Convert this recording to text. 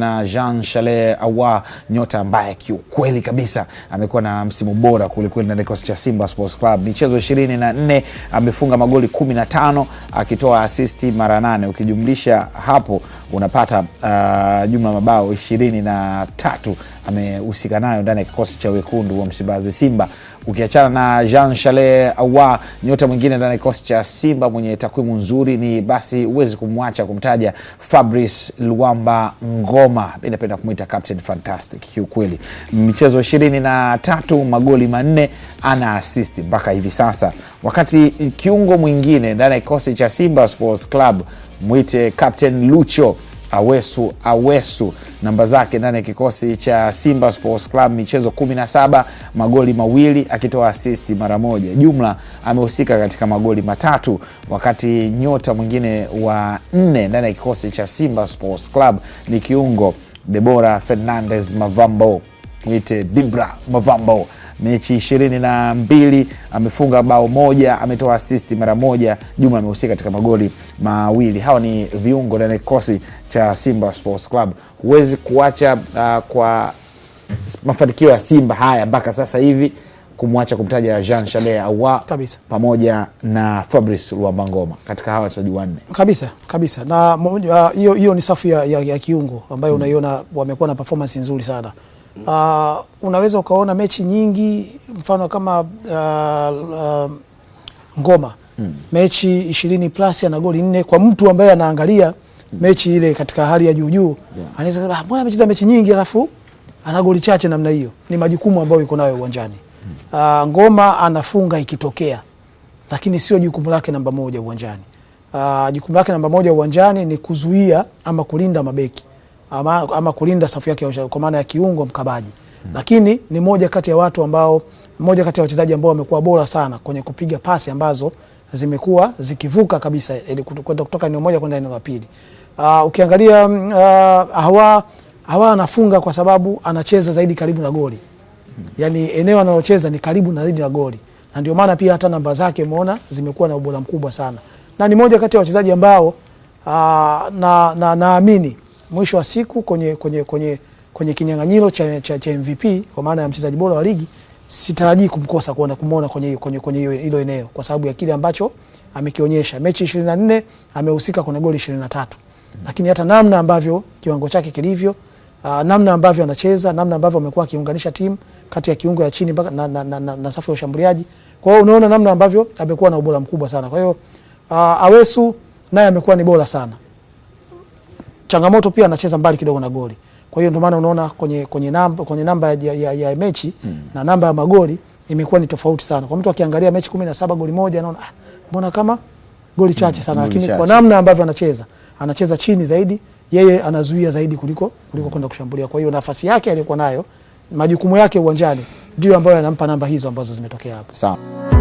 na Jean Chale Awa nyota ambaye kiukweli kabisa amekuwa na msimu bora kwelikweli na kikosi cha Simba Sports Club. Michezo ishirini na nne amefunga magoli kumi na tano akitoa asisti mara nane. Ukijumlisha hapo unapata uh, jumla mabao ishirini na tatu amehusika nayo ndani ya kikosi cha wekundu wa Msimbazi Simba, ukiachana na Jean chale awa Nyota mwingine ndani ya kikosi cha Simba mwenye takwimu nzuri ni basi, huwezi kumwacha kumtaja Fabrice Luamba Ngoma, mi napenda kumwita Captain Fantastic kiukweli. Michezo ishirini na tatu, magoli manne, ana asisti mpaka hivi sasa, wakati kiungo mwingine ndani ya kikosi cha Simba Sports Club mwite Captain Lucho Awesu Awesu, namba zake ndani ya kikosi cha Simba Sports Club, michezo 17, magoli mawili akitoa asisti mara moja. Jumla amehusika katika magoli matatu, wakati nyota mwingine wa nne ndani ya kikosi cha Simba Sports Club ni kiungo Debora Fernandez Mavambo, mwite Dibra Mavambo mechi ishirini na mbili amefunga bao moja, ametoa asisti mara moja, Juma amehusika katika magoli mawili. Hawa ni viungo ndani ya kikosi cha Simba Sports Club. Huwezi kuacha uh, kwa mafanikio ya Simba haya mpaka sasa hivi kumwacha kumtaja Jean Charles Ahoua pamoja na fabric Luambangoma katika hawa wachezaji wanne kabisa kabisa, na ah, hiyo uh, ni safu ya, ya, ya kiungo ambayo mm, unaiona wamekuwa na performance nzuri sana. Uh, unaweza ukaona mechi nyingi mfano kama uh, uh, Ngoma mm. mechi ishirini plus ana goli nne. Kwa mtu ambaye anaangalia mm. mechi ile katika hali ya juu juu yeah. anaweza kusema mbona amecheza mechi nyingi alafu ana goli chache namna hiyo. Ni majukumu ambayo yuko nayo uwanjani mm. uh, Ngoma anafunga ikitokea, lakini sio jukumu lake namba moja uwanjani. Uh, jukumu lake namba moja uwanjani ni kuzuia ama kulinda mabeki ama, ama kulinda safu yake ya kwa maana ya kiungo mkabaji mm. Lakini ni moja kati ya watu ambao moja kati ya wachezaji ambao wamekuwa bora sana kwenye kupiga pasi ambazo zimekuwa zikivuka kabisa ili kwenda kutoka eneo moja kwenda eneo la pili. Uh, ukiangalia uh, hawa hawa anafunga kwa sababu anacheza zaidi karibu na goli hmm. Yaani eneo analocheza ni karibu na zaidi na goli, na ndio maana pia hata namba zake umeona zimekuwa na ubora mkubwa sana, na ni moja kati ya wachezaji ambao uh, na naamini na mwisho wa siku kwenye, kwenye, kwenye, kwenye kinyang'anyiro cha, cha, cha MVP kwa maana ya mchezaji bora wa ligi sitarajii kumkosa kuona kumwona kwenye kwenye kwenye hilo eneo kwa sababu ya kile ambacho amekionyesha. Mechi 24 amehusika kwenye goli 23. Mm -hmm. Lakini hata namna ambavyo kiwango chake kilivyo, uh, namna ambavyo anacheza, namna ambavyo amekuwa akiunganisha timu kati ya kiungo ya chini mpaka na, na, na, na, na safu ya ushambuliaji. Kwa hiyo unaona namna ambavyo amekuwa na ubora mkubwa sana. Kwa hiyo uh, Awesu naye amekuwa ni bora sana changamoto pia anacheza mbali kidogo na goli. Kwa hiyo ndio maana unaona kwenye, kwenye namba, kwenye namba ya, ya, ya mechi mm. na namba ya magoli imekuwa ni tofauti sana. Kwa mtu akiangalia mechi kumi na saba goli moja anaona ah, mbona kama goli hmm, chache sana, lakini kwa namna ambavyo anacheza anacheza chini zaidi, yeye anazuia zaidi kuliko kuliko hmm. kwenda kushambulia. Kwa hiyo nafasi yake aliyokuwa nayo, majukumu yake uwanjani, ndio ambayo anampa namba hizo ambazo zimetokea hapo. Sawa.